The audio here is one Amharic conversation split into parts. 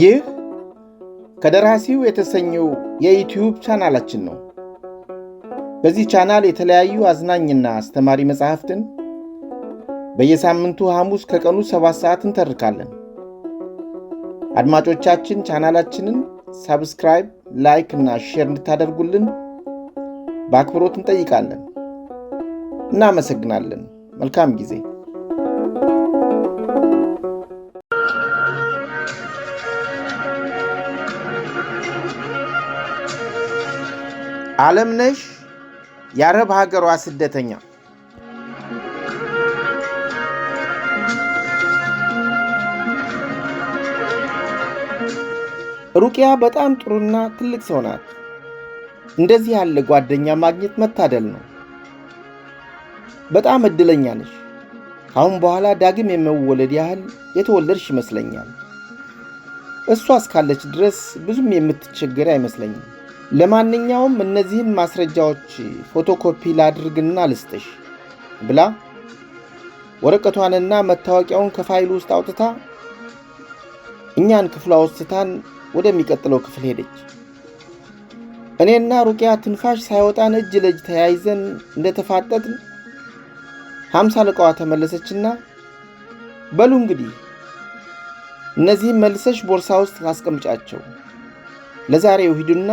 ይህ ከደራሲው የተሰኘው የዩትዩብ ቻናላችን ነው። በዚህ ቻናል የተለያዩ አዝናኝና አስተማሪ መጽሐፍትን በየሳምንቱ ሐሙስ ከቀኑ ሰባት ሰዓት እንተርካለን። አድማጮቻችን ቻናላችንን ሳብስክራይብ፣ ላይክ እና ሼር እንድታደርጉልን በአክብሮት እንጠይቃለን። እናመሰግናለን። መልካም ጊዜ ነሽ! የአረብ ሀገሯ ስደተኛ ሩቅያ በጣም ጥሩና ትልቅ ሰው ናት። እንደዚህ ያለ ጓደኛ ማግኘት መታደል ነው። በጣም እድለኛ ነሽ። ከአሁን በኋላ ዳግም የመወለድ ያህል የተወለድሽ ይመስለኛል። እሷ እስካለች ድረስ ብዙም የምትቸገር አይመስለኝም። ለማንኛውም እነዚህን ማስረጃዎች ፎቶኮፒ ላድርግና ልስጥሽ ብላ ወረቀቷንና መታወቂያውን ከፋይሉ ውስጥ አውጥታ እኛን ክፍሏ ውስጥ ወደሚቀጥለው ክፍል ሄደች። እኔና ሩቅያ ትንፋሽ ሳይወጣን እጅ ለእጅ ተያይዘን እንደተፋጠጥን ሀምሳ አለቃዋ ተመለሰችና በሉ እንግዲህ እነዚህም መልሰሽ ቦርሳ ውስጥ አስቀምጫቸው፣ ለዛሬው ሂዱና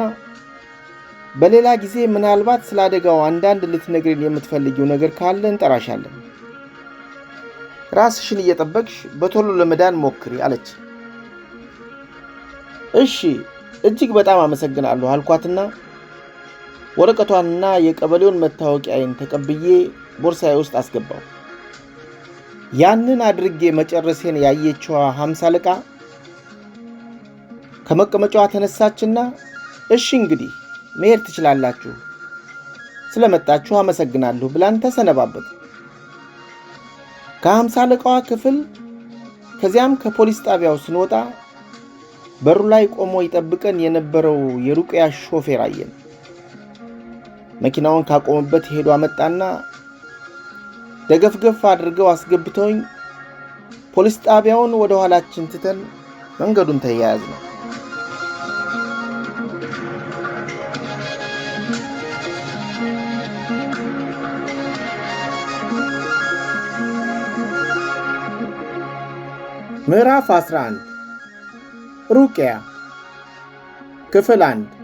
በሌላ ጊዜ ምናልባት ስለ አደጋው አንዳንድ ልትነግርን የምትፈልጊው ነገር ካለ እንጠራሻለን። ራስሽን እየጠበቅሽ በቶሎ ለመዳን ሞክሪ አለች። እሺ፣ እጅግ በጣም አመሰግናለሁ አልኳትና ወረቀቷንና የቀበሌውን መታወቂያዬን ተቀብዬ ቦርሳዬ ውስጥ አስገባው። ያንን አድርጌ መጨረሴን ያየችዋ ሀምሳ አለቃ ከመቀመጫዋ ተነሳችና እሺ እንግዲህ መሄድ ትችላላችሁ፣ ስለመጣችሁ አመሰግናለሁ ብላን ተሰነባበት። ከሀምሳ አለቃዋ ክፍል ከዚያም ከፖሊስ ጣቢያው ስንወጣ በሩ ላይ ቆሞ ይጠብቀን የነበረው የሩቅያ ሾፌር አየን። መኪናውን ካቆመበት ሄዶ አመጣና ደገፍገፍ አድርገው አስገብተውኝ ፖሊስ ጣቢያውን ወደ ኋላችን ትተን መንገዱን ተያያዝ ነው። ምዕራፍ 11 ሩቅያ ክፍል 1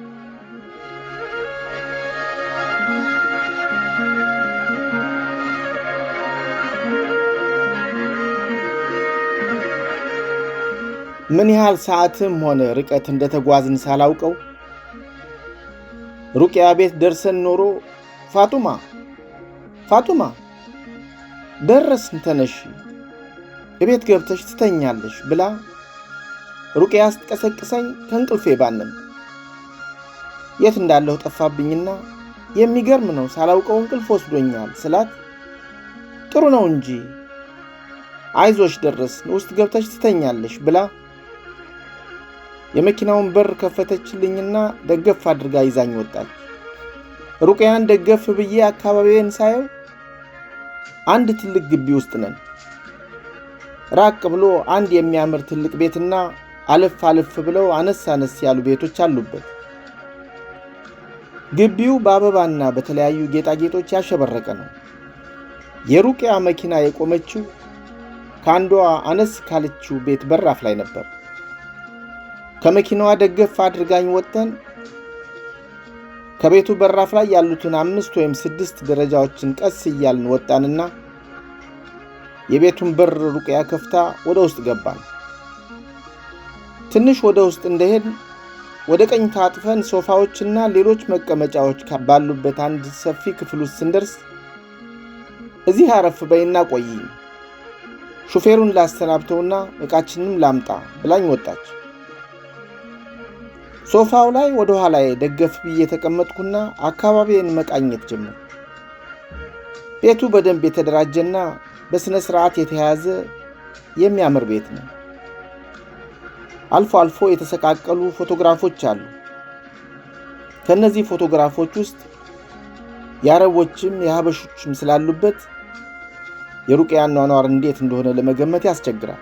ምን ያህል ሰዓትም ሆነ ርቀት እንደተጓዝን ሳላውቀው ሩቅያ ቤት ደርሰን ኖሮ ፋጡማ ፋጡማ ደረስን፣ ተነሽ እቤት ገብተሽ ትተኛለሽ ብላ ሩቅያ ስትቀሰቅሰኝ ከእንቅልፌ ባንም የት እንዳለሁ ጠፋብኝና የሚገርም ነው ሳላውቀው እንቅልፍ ወስዶኛል ስላት ጥሩ ነው እንጂ አይዞሽ ደረስ ውስጥ ገብተሽ ትተኛለሽ ብላ የመኪናውን በር ከፈተችልኝና ደገፍ አድርጋ ይዛኝ ወጣች። ሩቅያን ደገፍ ብዬ አካባቢዬን ሳየው አንድ ትልቅ ግቢ ውስጥ ነን። ራቅ ብሎ አንድ የሚያምር ትልቅ ቤትና አልፍ አልፍ ብለው አነስ አነስ ያሉ ቤቶች አሉበት። ግቢው በአበባና በተለያዩ ጌጣጌጦች ያሸበረቀ ነው። የሩቅያ መኪና የቆመችው ከአንዷ አነስ ካለችው ቤት በራፍ ላይ ነበር። ከመኪናዋ ደገፍ አድርጋኝ ወጥተን ከቤቱ በራፍ ላይ ያሉትን አምስት ወይም ስድስት ደረጃዎችን ቀስ እያልን ወጣንና የቤቱን በር ሩቅያ ከፍታ ወደ ውስጥ ገባን። ትንሽ ወደ ውስጥ እንደሄድ ወደ ቀኝ ታጥፈን ሶፋዎችና ሌሎች መቀመጫዎች ባሉበት አንድ ሰፊ ክፍል ውስጥ ስንደርስ እዚህ አረፍ በይና ቆይ፣ ሹፌሩን ላሰናብተውና ዕቃችንም ላምጣ ብላኝ ወጣች። ሶፋው ላይ ወደ ኋላ ደገፍ ብዬ ተቀመጥኩና አካባቢዬን መቃኘት ጀመር። ቤቱ በደንብ የተደራጀና በሥነ ሥርዓት የተያዘ የሚያምር ቤት ነው። አልፎ አልፎ የተሰቃቀሉ ፎቶግራፎች አሉ። ከእነዚህ ፎቶግራፎች ውስጥ የአረቦችም የሀበሾችም ስላሉበት የሩቅያን ኗኗር እንዴት እንደሆነ ለመገመት ያስቸግራል።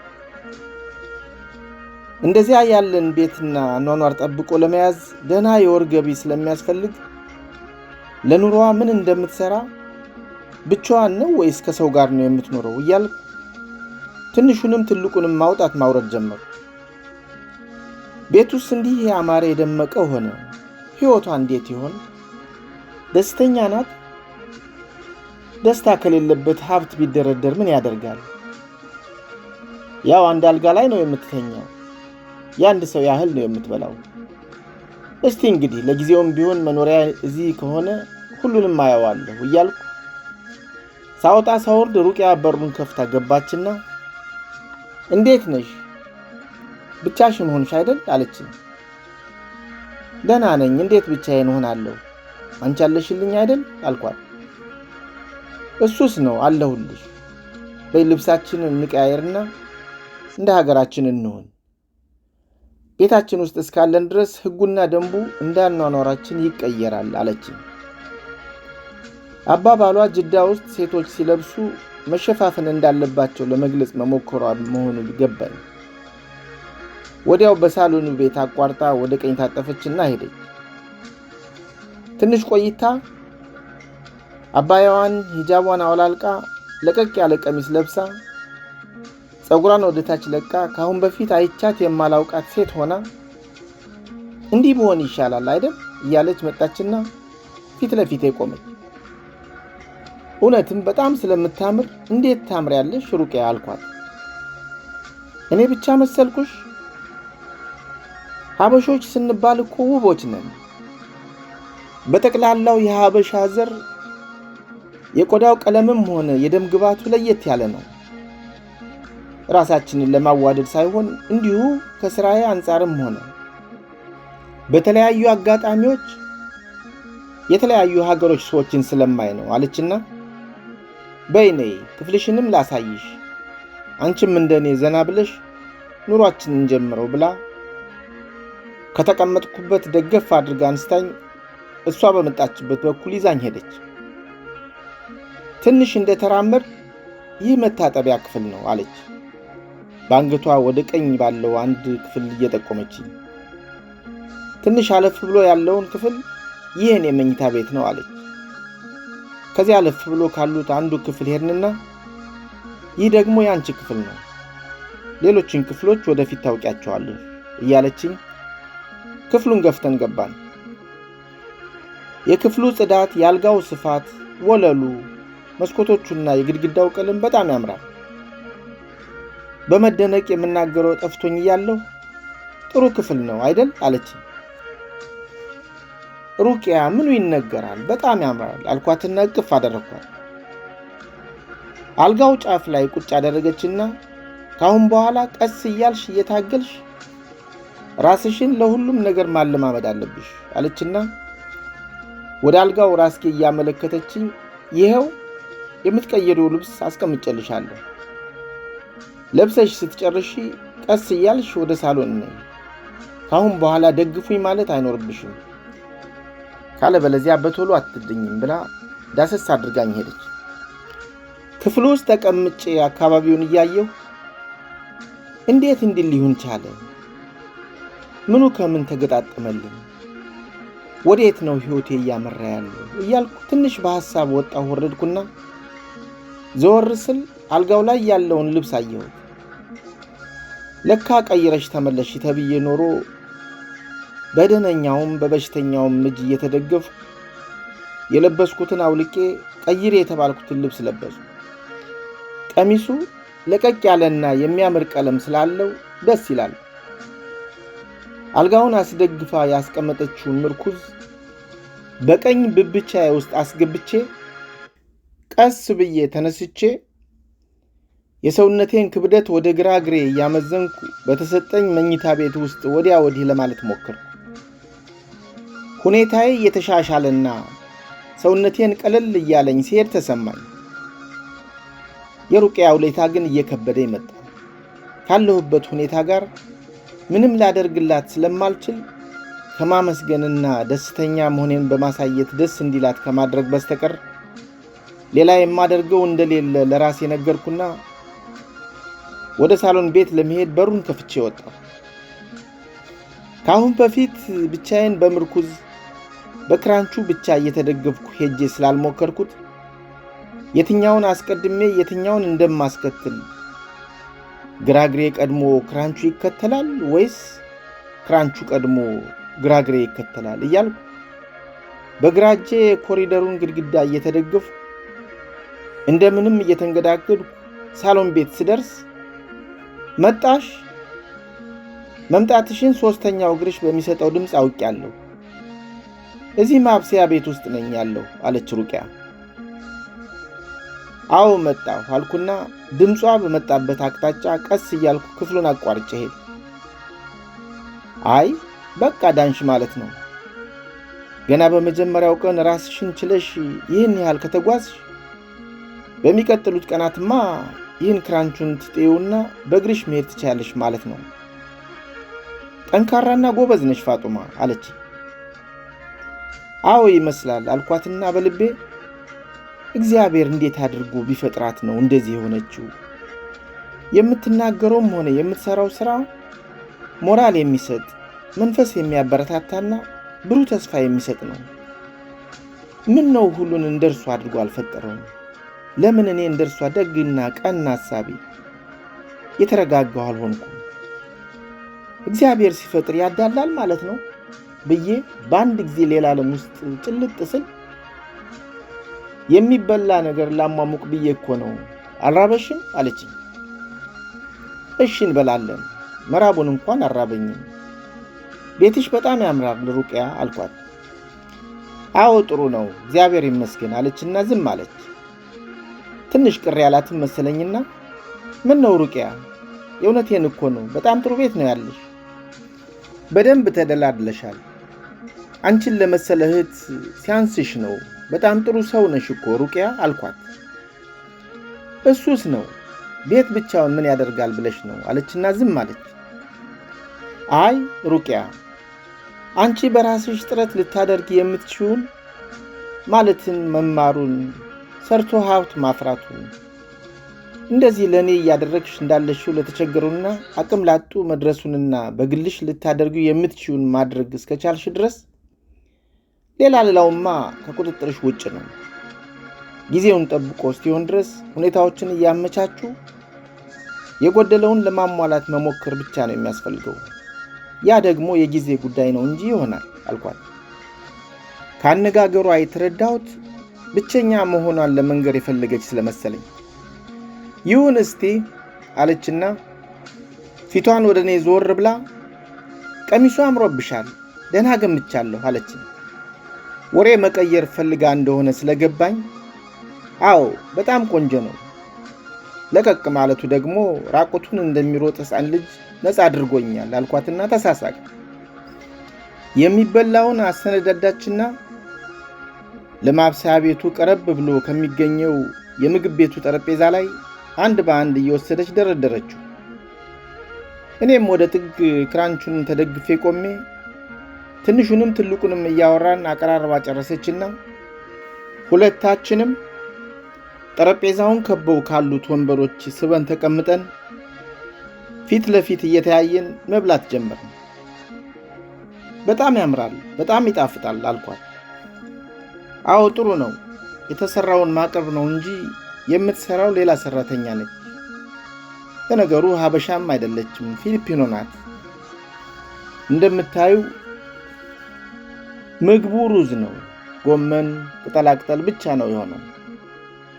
እንደዚያ ያለን ቤትና ኗኗር ጠብቆ ለመያዝ ደህና የወር ገቢ ስለሚያስፈልግ ለኑሮዋ ምን እንደምትሠራ ብቻዋን ነው ወይስ ከሰው ጋር ነው የምትኖረው እያል ትንሹንም ትልቁንም ማውጣት ማውረድ ጀመሩ። ቤት ውስጥ እንዲህ ያማረ የደመቀ ሆነ። ሕይወቷ እንዴት ይሆን? ደስተኛ ናት? ደስታ ከሌለበት ሀብት ቢደረደር ምን ያደርጋል? ያው አንድ አልጋ ላይ ነው የምትተኛው። የአንድ ሰው ያህል ነው የምትበላው። እስቲ እንግዲህ ለጊዜውም ቢሆን መኖሪያ እዚህ ከሆነ ሁሉንም አየዋለሁ እያልኩ ሳወጣ ሳወርድ ሩቅያ በሩን ከፍታ ገባችና እንዴት ነሽ? ብቻሽን ሆንሽ አይደል አለች ደህና ነኝ፣ እንዴት ብቻዬን ሆናለሁ? አንቺ አለሽልኝ አይደል አልኳት። እሱስ ነው አለሁልሽ። በይ ልብሳችንን እንቀያየርና እንደ ሀገራችን እንሆን። ቤታችን ውስጥ እስካለን ድረስ ሕጉና ደንቡ እንዳኗኗራችን ይቀየራል አለችን። አባባሏ ጅዳ ውስጥ ሴቶች ሲለብሱ መሸፋፈን እንዳለባቸው ለመግለጽ መሞከሯ መሆኑ ገባኝ። ወዲያው በሳሎኑ ቤት አቋርጣ ወደ ቀኝ ታጠፈችና ሄደች። ትንሽ ቆይታ አባያዋን ሂጃቧን አውላልቃ ለቀቅ ያለ ቀሚስ ለብሳ ፀጉሯን ወደታች ለቃ ከአሁን በፊት አይቻት የማላውቃት ሴት ሆና እንዲህ መሆን ይሻላል አይደል እያለች መጣችና ፊት ለፊቴ ቆመች። እውነትም በጣም ስለምታምር እንዴት ታምሪያለሽ ሩቅያ አልኳት። እኔ ብቻ መሰልኩሽ? ሀበሾች ስንባል እኮ ውቦች ነን። በጠቅላላው የሀበሻ ዘር የቆዳው ቀለምም ሆነ የደም ግባቱ ለየት ያለ ነው። ራሳችንን ለማዋደድ ሳይሆን እንዲሁ ከሥራዬ አንጻርም ሆነ በተለያዩ አጋጣሚዎች የተለያዩ ሀገሮች ሰዎችን ስለማይ ነው አለችና በይ ነይ ክፍልሽንም ላሳይሽ፣ አንቺም እንደኔ ዘና ብለሽ ኑሯችንን ጀምረው ብላ ከተቀመጥኩበት ደገፍ አድርጋ አንስታኝ እሷ በመጣችበት በኩል ይዛኝ ሄደች። ትንሽ ተራመድ ይህ መታጠቢያ ክፍል ነው አለች፣ በአንገቷ ወደ ቀኝ ባለው አንድ ክፍል እየጠቆመችኝ። ትንሽ አለፍ ብሎ ያለውን ክፍል ይህን የመኝታ ቤት ነው አለች። ከዚያ አለፍ ብሎ ካሉት አንዱ ክፍል ሄድንና ይህ ደግሞ የአንቺ ክፍል ነው፣ ሌሎችን ክፍሎች ወደፊት ታውቂያቸዋለሁ እያለችኝ ክፍሉን ገፍተን ገባን። የክፍሉ ጽዳት፣ የአልጋው ስፋት፣ ወለሉ፣ መስኮቶቹና የግድግዳው ቀለም በጣም ያምራል። በመደነቅ የምናገረው ጠፍቶኝ እያለሁ ጥሩ ክፍል ነው አይደል አለችኝ። ሩቅያ ምኑ ይነገራል በጣም ያምራል አልኳትና እቅፍ አደረግኳት። አልጋው ጫፍ ላይ ቁጭ አደረገችና ካሁን በኋላ ቀስ እያልሽ እየታገልሽ ራስሽን ለሁሉም ነገር ማለማመድ አለብሽ አለችና ወደ አልጋው ራስጌ እያመለከተችኝ ይኸው የምትቀየደው ልብስ አስቀምጨልሻለሁ ለብሰሽ ስትጨርሺ ቀስ እያልሽ ወደ ሳሎን ነይ። ካሁን በኋላ ደግፉኝ ማለት አይኖርብሽም። ካለበለዚያ በቶሎ አትድኝም ብላ ዳሰስ አድርጋኝ ሄደች። ክፍሉ ውስጥ ተቀምጬ አካባቢውን እያየሁ እንዴት እንዲህ ሊሆን ቻለ? ምኑ ከምን ተገጣጠመልን? ወዴት ነው ሕይወቴ እያመራ ያለው እያልኩ ትንሽ በሐሳብ ወጣሁ ወረድኩና ዘወር ስል አልጋው ላይ ያለውን ልብስ አየሁት። ለካ ቀይረሽ ተመለሽ ተብዬ ኖሮ በደህነኛውም በበሽተኛውም እጅ እየተደገፉ የለበስኩትን አውልቄ ቀይሬ የተባልኩትን ልብስ ለበሱ። ቀሚሱ ለቀቅ ያለና የሚያምር ቀለም ስላለው ደስ ይላል። አልጋውን አስደግፋ ያስቀመጠችውን ምርኩዝ በቀኝ ብብቻዬ ውስጥ አስገብቼ ቀስ ብዬ ተነስቼ የሰውነቴን ክብደት ወደ ግራ ግሬ እያመዘንኩ በተሰጠኝ መኝታ ቤት ውስጥ ወዲያ ወዲህ ለማለት ሞክር ሁኔታዬ እየተሻሻለና ሰውነቴን ቀለል እያለኝ ሲሄድ ተሰማኝ። የሩቅያ ውሌታ ግን እየከበደ ይመጣል ካለሁበት ሁኔታ ጋር ምንም ላደርግላት ስለማልችል ከማመስገንና ደስተኛ መሆኔን በማሳየት ደስ እንዲላት ከማድረግ በስተቀር ሌላ የማደርገው እንደሌለ ለራሴ ነገርኩና ወደ ሳሎን ቤት ለመሄድ በሩን ከፍቼ ወጣሁ። ከአሁን በፊት ብቻዬን በምርኩዝ በክራንቹ ብቻ እየተደገፍኩ ሄጄ ስላልሞከርኩት የትኛውን አስቀድሜ የትኛውን እንደማስከትል ግራግሬ ቀድሞ ክራንቹ ይከተላል ወይስ ክራንቹ ቀድሞ ግራግሬ ይከተላል እያልኩ በግራ የኮሪደሩን ግድግዳ እየተደገፉ እንደምንም እየተንገዳገዱ ሳሎን ቤት ስደርስ መጣሽ መምጣትሽን ሦስተኛው እግርሽ በሚሰጠው ድምፅ አውቄያለሁ እዚህ ማብሰያ ቤት ውስጥ ነኝ ያለው አለች ሩቅያ። አዎ መጣሁ አልኩና ድምጿ በመጣበት አቅጣጫ ቀስ እያልኩ ክፍሉን አቋርጬ ሄድ። አይ በቃ ዳንሽ ማለት ነው። ገና በመጀመሪያው ቀን ራስሽን ችለሽ ይህን ያህል ከተጓዝሽ በሚቀጥሉት ቀናትማ ይህን ክራንቹን ትጤውና በእግርሽ መሄድ ትችያለሽ ማለት ነው። ጠንካራና ጎበዝ ነሽ ፋጡማ አለች። አዎ ይመስላል አልኳትና በልቤ እግዚአብሔር እንዴት አድርጎ ቢፈጥራት ነው እንደዚህ የሆነችው? የምትናገረውም ሆነ የምትሰራው ስራ ሞራል የሚሰጥ መንፈስ የሚያበረታታና ብሩህ ተስፋ የሚሰጥ ነው። ምን ነው ሁሉን እንደርሱ አድርጎ አልፈጠረውም? ለምን እኔ እንደርሷ ደግና ቀና አሳቢ የተረጋጋው አልሆንኩም? እግዚአብሔር ሲፈጥር ያዳላል ማለት ነው ብዬ በአንድ ጊዜ ሌላ ዓለም ውስጥ ጭልጥ ስል የሚበላ ነገር ላሟሙቅ ብዬ እኮ ነው አልራበሽም አለችኝ። እሺ እንበላለን፣ መራቡን እንኳን አራበኝም። ቤትሽ በጣም ያምራል ሩቅያ አልኳት። አዎ ጥሩ ነው እግዚአብሔር ይመስገን አለችና ዝም አለች። ትንሽ ቅር ያላትን መሰለኝና ምን ነው ሩቅያ፣ የእውነቴን እኮ ነው በጣም ጥሩ ቤት ነው ያለሽ በደንብ ተደላድለሻል። አንቺን ለመሰለ እህት ሲያንስሽ ነው። በጣም ጥሩ ሰው ነሽ እኮ ሩቅያ አልኳት። እሱስ ነው ቤት ብቻውን ምን ያደርጋል ብለሽ ነው አለችና ዝም አለች። አይ ሩቅያ አንቺ በራስሽ ጥረት ልታደርግ የምትችውን ማለትን፣ መማሩን፣ ሰርቶ ሀብት ማፍራቱን እንደዚህ ለእኔ እያደረግሽ እንዳለሽው ለተቸገሩና አቅም ላጡ መድረሱንና በግልሽ ልታደርጉ የምትችውን ማድረግ እስከቻልሽ ድረስ ሌላ ሌላውማ ከቁጥጥርሽ ውጭ ነው። ጊዜውን ጠብቆ እስኪሆን ድረስ ሁኔታዎችን እያመቻችሁ የጎደለውን ለማሟላት መሞከር ብቻ ነው የሚያስፈልገው። ያ ደግሞ የጊዜ ጉዳይ ነው እንጂ ይሆናል አልኳት። ከአነጋገሯ የተረዳሁት ብቸኛ መሆኗን ለመንገር የፈለገች ስለመሰለኝ ይሁን እስቲ አለችና ፊቷን ወደ እኔ ዞር ብላ ቀሚሱ አምሮብሻል፣ ደህና ገምቻለሁ አለች። ወሬ መቀየር ፈልጋ እንደሆነ ስለገባኝ አዎ በጣም ቆንጆ ነው። ለቀቅ ማለቱ ደግሞ ራቁቱን እንደሚሮጥ ሕፃን ልጅ ነፃ አድርጎኛል አልኳትና ተሳሳቅ የሚበላውን አሰነዳዳችና ለማብሰያ ቤቱ ቀረብ ብሎ ከሚገኘው የምግብ ቤቱ ጠረጴዛ ላይ አንድ በአንድ እየወሰደች ደረደረችው። እኔም ወደ ጥግ ክራንቹን ተደግፌ ቆሜ ትንሹንም ትልቁንም እያወራን አቀራርባ ጨረሰችና ሁለታችንም ጠረጴዛውን ከበው ካሉት ወንበሮች ስበን ተቀምጠን ፊት ለፊት እየተያየን መብላት ጀመርን። በጣም ያምራል፣ በጣም ይጣፍጣል አልኳት። አዎ ጥሩ ነው የተሰራውን ማቅረብ ነው እንጂ የምትሰራው ሌላ ሰራተኛ ነች። ለነገሩ ሀበሻም አይደለችም፣ ፊሊፒኖ ናት። እንደምታዩ ምግቡ ሩዝ ነው። ጎመን፣ ቅጠላቅጠል ብቻ ነው የሆነው።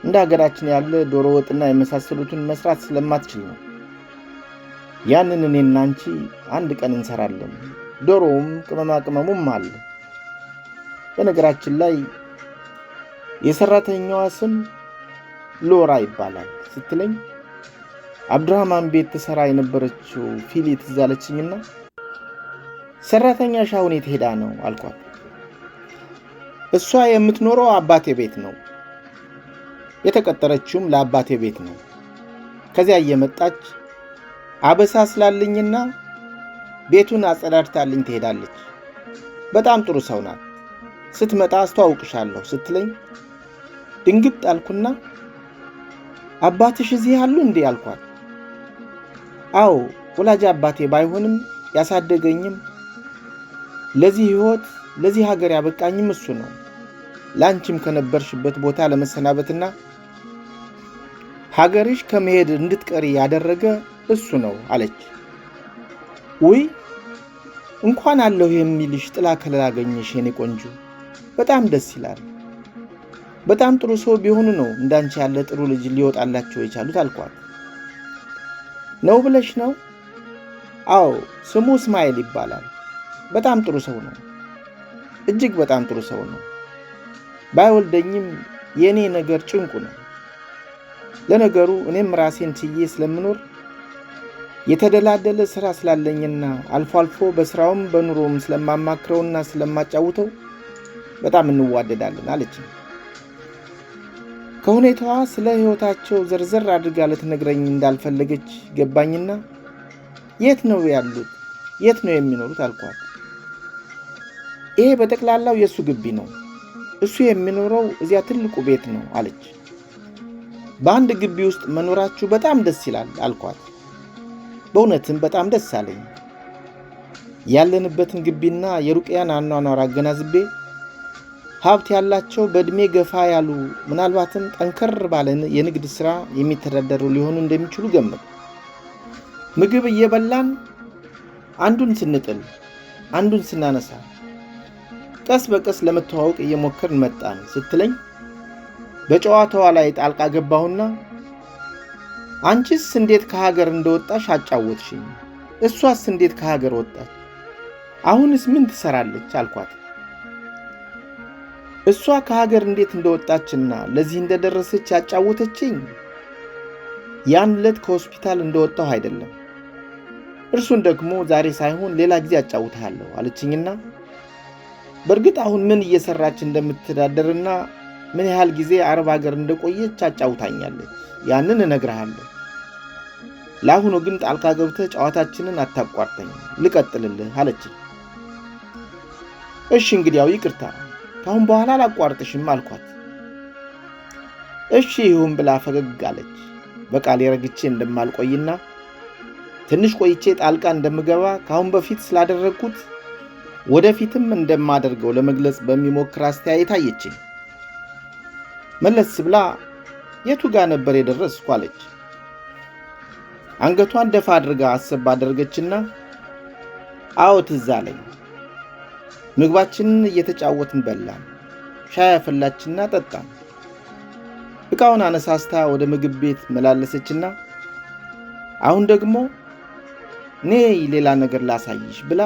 እንደ ሀገራችን ያለ ዶሮ ወጥና የመሳሰሉትን መስራት ስለማትችል ነው። ያንን እኔና አንቺ አንድ ቀን እንሰራለን። ዶሮውም ቅመማ ቅመሙም አለ። በነገራችን ላይ የሰራተኛዋ ስም ሎራ ይባላል ስትለኝ አብድራህማን ቤት ትሰራ የነበረችው ፊሊ ትዝ አለችኝና ሰራተኛ ሻሁን የት ሄዳ ነው አልኳት። እሷ የምትኖረው አባቴ ቤት ነው፣ የተቀጠረችውም ለአባቴ ቤት ነው። ከዚያ እየመጣች አበሳ ስላለኝና ቤቱን አጸዳድታልኝ ትሄዳለች። በጣም ጥሩ ሰው ናት። ስትመጣ አስተዋውቅሻለሁ ስትለኝ ድንግጥ አልኩና አባትሽ እዚህ አሉ እንዴ አልኳት። አዎ ወላጅ አባቴ ባይሆንም ያሳደገኝም ለዚህ ሕይወት ለዚህ ሀገር ያበቃኝም እሱ ነው። ለአንቺም ከነበርሽበት ቦታ ለመሰናበትና ሀገርሽ ከመሄድ እንድትቀሪ ያደረገ እሱ ነው አለች። ውይ እንኳን አለሁ የሚልሽ ጥላ ከለላገኘሽ የኔ ቆንጆ፣ በጣም ደስ ይላል። በጣም ጥሩ ሰው ቢሆኑ ነው እንዳንቺ ያለ ጥሩ ልጅ ሊወጣላቸው የቻሉት አልኳት። ነው ብለሽ ነው? አዎ፣ ስሙ እስማኤል ይባላል። በጣም ጥሩ ሰው ነው። እጅግ በጣም ጥሩ ሰው ነው። ባይወልደኝም የእኔ ነገር ጭንቁ ነው። ለነገሩ እኔም ራሴን ትዬ ስለምኖር የተደላደለ ስራ ስላለኝና አልፎ አልፎ በስራውም በኑሮውም ስለማማክረውና ስለማጫውተው በጣም እንዋደዳለን አለችኝ። ከሁኔታዋ ስለ ሕይወታቸው ዝርዝር አድርጋ ልትነግረኝ እንዳልፈለገች ገባኝና የት ነው ያሉት? የት ነው የሚኖሩት? አልኳት። ይሄ በጠቅላላው የእሱ ግቢ ነው። እሱ የሚኖረው እዚያ ትልቁ ቤት ነው አለች። በአንድ ግቢ ውስጥ መኖራችሁ በጣም ደስ ይላል አልኳት። በእውነትም በጣም ደስ አለኝ። ያለንበትን ግቢና የሩቅያን አኗኗር አገናዝቤ ሀብት ያላቸው በእድሜ ገፋ ያሉ ምናልባትም ጠንከር ባለ የንግድ ሥራ የሚተዳደሩ ሊሆኑ እንደሚችሉ ገመት። ምግብ እየበላን አንዱን ስንጥል አንዱን ስናነሳ ቀስ በቀስ ለመተዋወቅ እየሞከርን መጣን ስትለኝ በጨዋታዋ ላይ ጣልቃ ገባሁና አንቺስ እንዴት ከሀገር እንደወጣሽ አጫወትሽኝ፣ እሷስ እንዴት ከሀገር ወጣች፣ አሁንስ ምን ትሰራለች አልኳት። እሷ ከሀገር እንዴት እንደወጣችና ለዚህ እንደደረሰች ያጫወተችኝ ያን ዕለት ከሆስፒታል እንደወጣሁ አይደለም። እርሱን ደግሞ ዛሬ ሳይሆን ሌላ ጊዜ አጫውትሃለሁ አለችኝና በእርግጥ አሁን ምን እየሰራች እንደምትተዳደርና ምን ያህል ጊዜ አረብ ሀገር እንደቆየች አጫውታኛለች። ያንን እነግርሃለሁ። ለአሁኑ ግን ጣልቃ ገብተህ ጨዋታችንን አታቋርጠኝ፣ ልቀጥልልህ አለችኝ። እሺ እንግዲያው ይቅርታ ከአሁን በኋላ አላቋርጥሽም አልኳት። እሺ ይሁን ብላ ፈገግ አለች። በቃል የረግቼ እንደማልቆይና ትንሽ ቆይቼ ጣልቃ እንደምገባ ካሁን በፊት ስላደረግኩት ወደፊትም እንደማደርገው ለመግለጽ በሚሞክር አስተያየት አየችኝ። መለስ ብላ የቱ ጋ ነበር የደረስኩ አለች። አንገቷን ደፋ አድርጋ አሰብ አደረገችና አዎ ትዝ አለኝ ምግባችንን እየተጫወትን በላን። ሻይ አፈላችና ጠጣን። ዕቃውን አነሳስታ ወደ ምግብ ቤት መላለሰችና አሁን ደግሞ እኔ ሌላ ነገር ላሳይሽ ብላ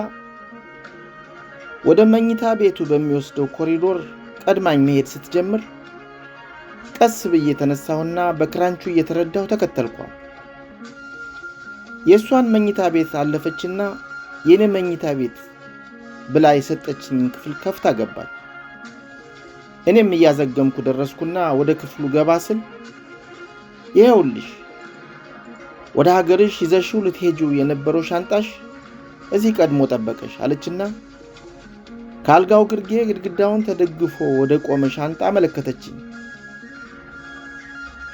ወደ መኝታ ቤቱ በሚወስደው ኮሪዶር ቀድማኝ መሄድ ስትጀምር ቀስ ብዬ የተነሳሁና በክራንቹ እየተረዳሁ ተከተልኳል። የእሷን መኝታ ቤት አለፈችና የእኔ መኝታ ቤት ብላ የሰጠችኝን ክፍል ከፍታ ገባች። እኔም እያዘገምኩ ደረስኩና ወደ ክፍሉ ገባ ስል ይኸውልሽ ወደ ሀገርሽ ይዘሽው ልትሄጂው የነበረው ሻንጣሽ እዚህ ቀድሞ ጠበቀሽ አለችና ከአልጋው ግርጌ ግድግዳውን ተደግፎ ወደ ቆመ ሻንጣ መለከተችኝ።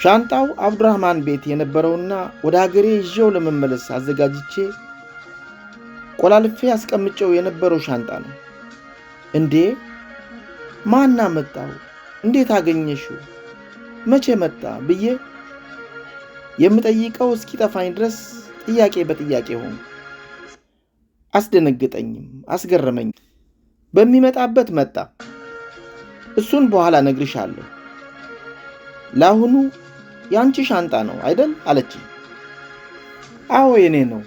ሻንጣው አብዱራህማን ቤት የነበረውና ወደ ሀገሬ ይዤው ለመመለስ አዘጋጅቼ ቆላልፌ አስቀምጨው የነበረው ሻንጣ ነው። እንዴ ማና መጣው? እንዴት አገኘሽው? መቼ መጣ ብዬ የምጠይቀው እስኪጠፋኝ ድረስ ጥያቄ በጥያቄ ሆነ። አስደነግጠኝም አስገረመኝ። በሚመጣበት መጣ። እሱን በኋላ ነግርሻለሁ። ለአሁኑ የአንቺ ሻንጣ ነው አይደል አለች። አዎ የኔ ነው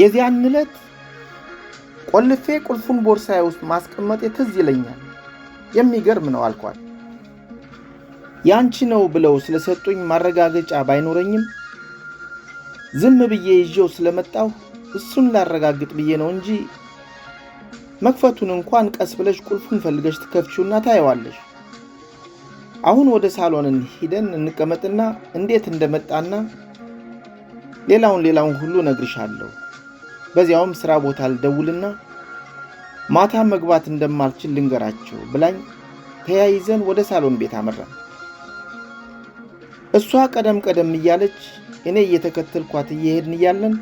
የዚያን ዕለት ቆልፌ ቁልፉን ቦርሳዬ ውስጥ ማስቀመጥ ትዝ ይለኛል። የሚገርም ነው አልኳት። ያንቺ ነው ብለው ስለሰጡኝ ማረጋገጫ ባይኖረኝም ዝም ብዬ ይዤው ስለመጣሁ እሱን ላረጋግጥ ብዬ ነው እንጂ መክፈቱን እንኳን ቀስ ብለሽ ቁልፉን ፈልገሽ ትከፍችውና ታየዋለሽ። አሁን ወደ ሳሎን ሂደን እንቀመጥና እንዴት እንደመጣና ሌላውን ሌላውን ሁሉ እነግርሻለሁ በዚያውም ስራ ቦታ ልደውልና ማታ መግባት እንደማልችል ልንገራቸው ብላኝ ተያይዘን ወደ ሳሎን ቤት አመራን። እሷ ቀደም ቀደም እያለች እኔ እየተከተልኳት እየሄድን እያለን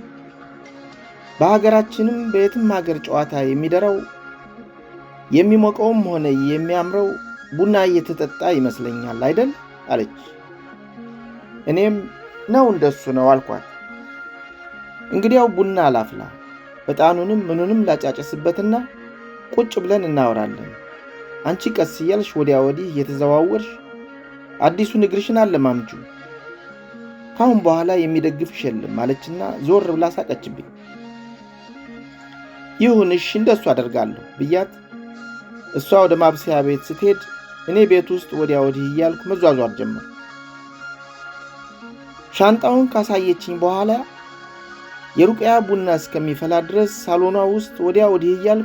በሀገራችንም በየትም ሀገር ጨዋታ የሚደራው የሚሞቀውም ሆነ የሚያምረው ቡና እየተጠጣ ይመስለኛል አይደል? አለች። እኔም ነው እንደሱ ነው አልኳት። እንግዲያው ቡና አላፍላ ዕጣኑንም ምኑንም ላጫጨስበትና ቁጭ ብለን እናወራለን። አንቺ ቀስ እያልሽ ወዲያ ወዲህ እየተዘዋወርሽ አዲሱን እግርሽን አለማምጁ ካሁን በኋላ የሚደግፍሽ የለም አለችና ዞር ብላ ሳቀችብኝ። ይሁንሽ እንደሱ አደርጋለሁ ብያት እሷ ወደ ማብሰያ ቤት ስትሄድ እኔ ቤት ውስጥ ወዲያ ወዲህ እያልኩ መዟዟር ጀመር። ሻንጣውን ካሳየችኝ በኋላ የሩቅያ ቡና እስከሚፈላ ድረስ ሳሎኗ ውስጥ ወዲያ ወዲህ እያል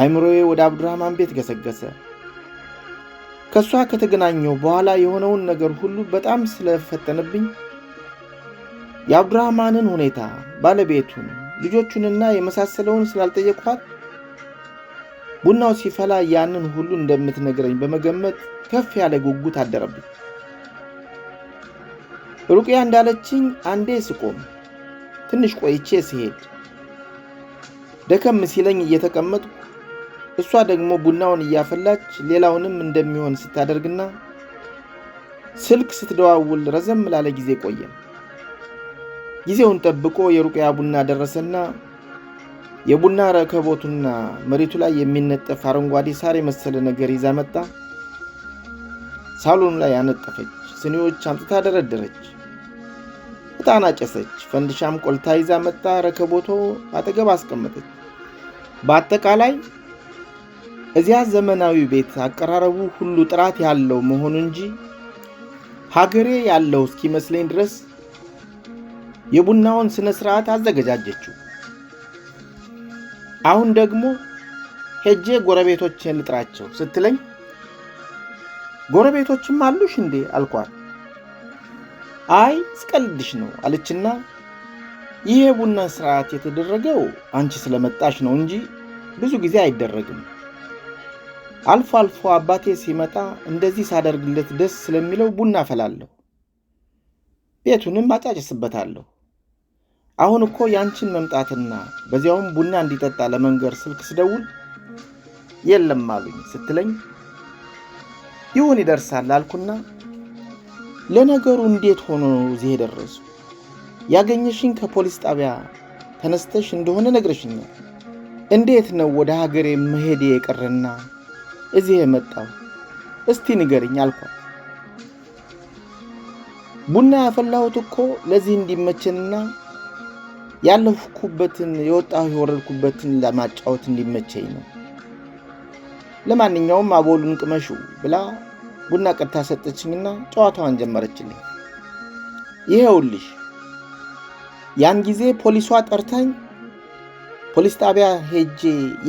አይምሮዬ ወደ አብዱራህማን ቤት ገሰገሰ። ከእሷ ከተገናኘው በኋላ የሆነውን ነገር ሁሉ በጣም ስለፈጠነብኝ የአብዱራህማንን ሁኔታ፣ ባለቤቱን፣ ልጆቹንና የመሳሰለውን ስላልጠየቅኋት ቡናው ሲፈላ ያንን ሁሉ እንደምትነግረኝ በመገመት ከፍ ያለ ጉጉት አደረብኝ። ሩቅያ እንዳለችኝ አንዴ ስቆም ትንሽ ቆይቼ ስሄድ ደከም ሲለኝ እየተቀመጥኩ እሷ ደግሞ ቡናውን እያፈላች ሌላውንም እንደሚሆን ስታደርግና ስልክ ስትደዋውል ረዘም ላለ ጊዜ ቆየን። ጊዜውን ጠብቆ የሩቅያ ቡና ደረሰና የቡና ረከቦቱና መሬቱ ላይ የሚነጠፍ አረንጓዴ ሳር የመሰለ ነገር ይዛ መጣ። ሳሎኑ ላይ ያነጠፈች፣ ስኒዎች አምጥታ ደረደረች። እጣን አጨሰች። ፈንድሻም ቆልታ ይዛ መጣ፣ ረከቦቶ አጠገብ አስቀመጠች። በአጠቃላይ እዚያ ዘመናዊ ቤት አቀራረቡ ሁሉ ጥራት ያለው መሆኑ እንጂ ሀገሬ ያለው እስኪመስለኝ ድረስ የቡናውን ስነ ስርዓት አዘገጃጀችው። አሁን ደግሞ ሄጄ ጎረቤቶችን ልጥራቸው ስትለኝ ጎረቤቶችም አሉሽ እንዴ አልኳት። አይ ስቀልድሽ ነው አለችና ይህ ቡና ስርዓት የተደረገው አንቺ ስለመጣሽ ነው እንጂ ብዙ ጊዜ አይደረግም። አልፎ አልፎ አባቴ ሲመጣ እንደዚህ ሳደርግለት ደስ ስለሚለው ቡና ፈላለሁ፣ ቤቱንም አጫጭስበታለሁ። አሁን እኮ ያንቺን መምጣትና በዚያውም ቡና እንዲጠጣ ለመንገር ስልክ ስደውል የለም አሉኝ ስትለኝ ይሁን ይደርሳል አልኩና ለነገሩ እንዴት ሆኖ ነው እዚህ የደረሱ? ያገኘሽኝ ከፖሊስ ጣቢያ ተነስተሽ እንደሆነ ነግረሽኛል። እንዴት ነው ወደ ሀገሬ መሄድ የቀረና እዚህ የመጣው? እስቲ ንገርኝ አልኳት። ቡና ያፈላሁት እኮ ለዚህ እንዲመቸንና ያለፍኩበትን የወጣሁ የወረድኩበትን ለማጫወት እንዲመቸኝ ነው። ለማንኛውም አቦሉን ቅመሹ ብላ ቡና ቀድታ ሰጠችኝና ጨዋታዋን ጀመረችልኝ። ይኸውልሽ ያን ጊዜ ፖሊሷ ጠርታኝ ፖሊስ ጣቢያ ሄጄ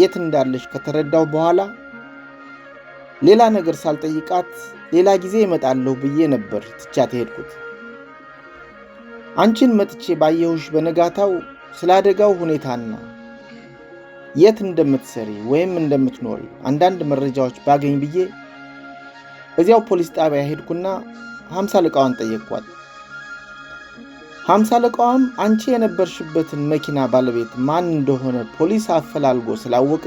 የት እንዳለሽ ከተረዳሁ በኋላ ሌላ ነገር ሳልጠይቃት ሌላ ጊዜ እመጣለሁ ብዬ ነበር ትቻት ሄድኩት። አንቺን መጥቼ ባየሁሽ በነጋታው ስለ አደጋው ሁኔታና የት እንደምትሰሪ ወይም እንደምትኖሪ አንዳንድ መረጃዎች ባገኝ ብዬ እዚያው ፖሊስ ጣቢያ ሄድኩና ሀምሳ ልቃዋን ጠየቅኳት። ሀምሳ ልቃዋም አንቺ የነበርሽበትን መኪና ባለቤት ማን እንደሆነ ፖሊስ አፈላልጎ ስላወቀ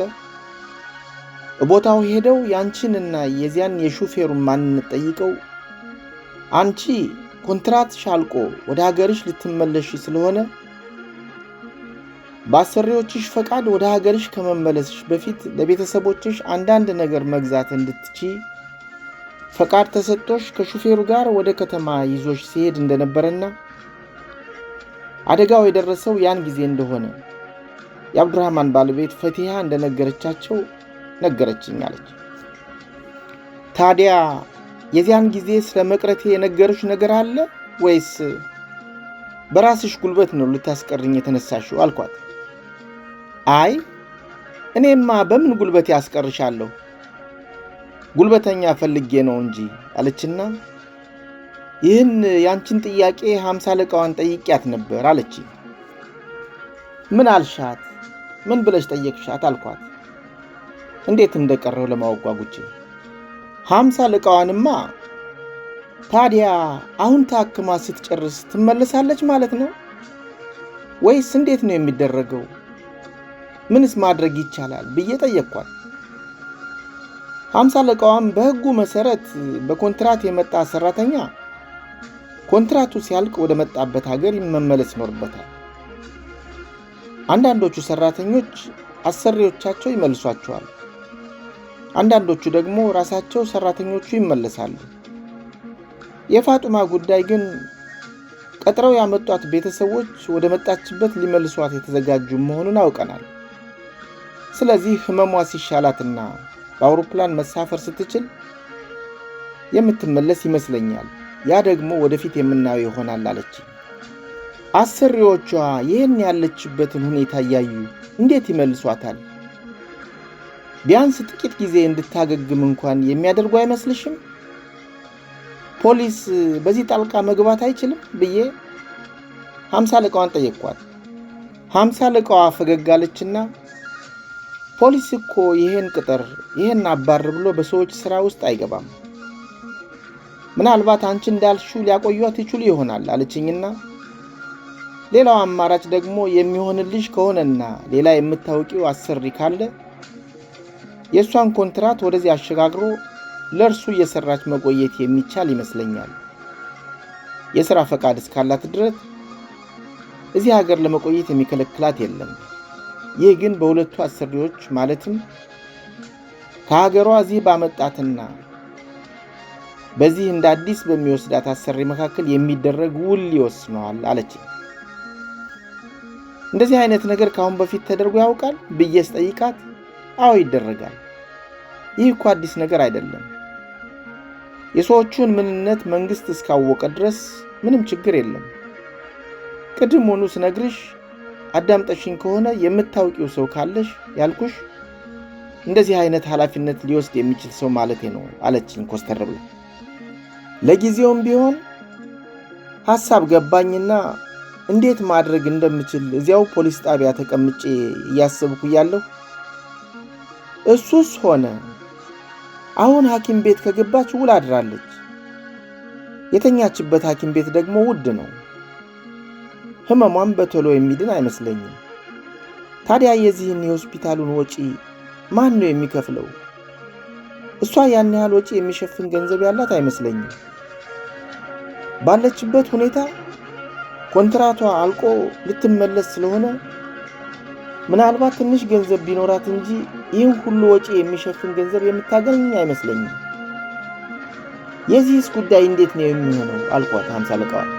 ቦታው ሄደው የአንቺንና የዚያን የሹፌሩን ማንነት ጠይቀው አንቺ ኮንትራት ሻልቆ ወደ ሀገርሽ ልትመለሽ ስለሆነ በአሰሪዎችሽ ፈቃድ ወደ ሀገርሽ ከመመለስሽ በፊት ለቤተሰቦችሽ አንዳንድ ነገር መግዛት እንድትችይ ፈቃድ ተሰጥቶሽ ከሹፌሩ ጋር ወደ ከተማ ይዞሽ ሲሄድ እንደነበረና አደጋው የደረሰው ያን ጊዜ እንደሆነ የአብዱራህማን ባለቤት ፈቲሃ እንደነገረቻቸው ነገረችኝ አለች። ታዲያ የዚያን ጊዜ ስለ መቅረቴ የነገሩሽ ነገር አለ ወይስ በራስሽ ጉልበት ነው ልታስቀርኝ የተነሳሽው? አልኳት። አይ እኔማ በምን ጉልበት ያስቀርሻለሁ ጉልበተኛ ፈልጌ ነው እንጂ አለችና ይህን ያንቺን ጥያቄ ሀምሳ አለቃዋን ጠይቂያት ነበር አለች። ምን አልሻት? ምን ብለሽ ጠየቅሻት? አልኳት። እንዴት እንደቀረው ለማወቅ ጓጉቼ። ሀምሳ አለቃዋንማ ታዲያ አሁን ታክማ ስትጨርስ ትመለሳለች ማለት ነው ወይስ እንዴት ነው የሚደረገው? ምንስ ማድረግ ይቻላል ብዬ ጠየቅኳት። ሀምሳ አለቃዋም በህጉ መሰረት በኮንትራት የመጣ ሰራተኛ ኮንትራቱ ሲያልቅ ወደ መጣበት ሀገር ይመመለስ ይኖርበታል። አንዳንዶቹ ሰራተኞች አሰሪዎቻቸው ይመልሷቸዋል። አንዳንዶቹ ደግሞ ራሳቸው ሰራተኞቹ ይመለሳሉ። የፋጡማ ጉዳይ ግን ቀጥረው ያመጧት ቤተሰቦች ወደ መጣችበት ሊመልሷት የተዘጋጁ መሆኑን አውቀናል። ስለዚህ ህመሟ ሲሻላትና በአውሮፕላን መሳፈር ስትችል የምትመለስ ይመስለኛል። ያ ደግሞ ወደፊት የምናየው ይሆናል አለች። አሰሪዎቿ ይህን ያለችበትን ሁኔታ እያዩ እንዴት ይመልሷታል? ቢያንስ ጥቂት ጊዜ እንድታገግም እንኳን የሚያደርጉ አይመስልሽም? ፖሊስ በዚህ ጣልቃ መግባት አይችልም ብዬ ሀምሳ አለቃዋን ጠየቅኳት። ሀምሳ አለቃዋ ፈገግ አለችና ፖሊስ እኮ ይህን ቅጥር ይህን አባር ብሎ በሰዎች ሥራ ውስጥ አይገባም። ምናልባት አንቺ እንዳልሹ ሊያቆዩት ይችሉ ይሆናል አለችኝና ሌላው አማራጭ ደግሞ የሚሆንልሽ ከሆነና ሌላ የምታውቂው አሰሪ ካለ የእሷን ኮንትራት ወደዚህ አሸጋግሮ ለእርሱ እየሰራች መቆየት የሚቻል ይመስለኛል። የሥራ ፈቃድ እስካላት ድረስ እዚህ ሀገር ለመቆየት የሚከለክላት የለም። ይህ ግን በሁለቱ አሰሪዎች ማለትም ከሀገሯ እዚህ ባመጣትና በዚህ እንደ አዲስ በሚወስዳት አሰሪ መካከል የሚደረግ ውል ይወስነዋል አለች። እንደዚህ አይነት ነገር ከአሁን በፊት ተደርጎ ያውቃል ብዬ ስጠይቃት፣ አዎ ይደረጋል። ይህ እኮ አዲስ ነገር አይደለም። የሰዎቹን ምንነት መንግሥት እስካወቀ ድረስ ምንም ችግር የለም። ቅድሙኑ ስነግርሽ አዳምጠሽኝ ከሆነ የምታውቂው ሰው ካለሽ ያልኩሽ እንደዚህ አይነት ኃላፊነት ሊወስድ የሚችል ሰው ማለቴ ነው አለችኝ ኮስተር ብላ። ለጊዜውም ቢሆን ሐሳብ ገባኝና እንዴት ማድረግ እንደምችል እዚያው ፖሊስ ጣቢያ ተቀምጬ እያሰብኩ እያለሁ እሱስ ሆነ አሁን ሐኪም ቤት ከገባች ውል አድራለች። የተኛችበት ሐኪም ቤት ደግሞ ውድ ነው። ህመሟን በቶሎ የሚድን አይመስለኝም። ታዲያ የዚህን የሆስፒታሉን ወጪ ማን ነው የሚከፍለው? እሷ ያን ያህል ወጪ የሚሸፍን ገንዘብ ያላት አይመስለኝም። ባለችበት ሁኔታ ኮንትራቷ አልቆ ልትመለስ ስለሆነ ምናልባት ትንሽ ገንዘብ ቢኖራት እንጂ ይህን ሁሉ ወጪ የሚሸፍን ገንዘብ የምታገኝ አይመስለኝም። የዚህስ ጉዳይ እንዴት ነው የሚሆነው? አልኳት ሃምሳ አለቃዋል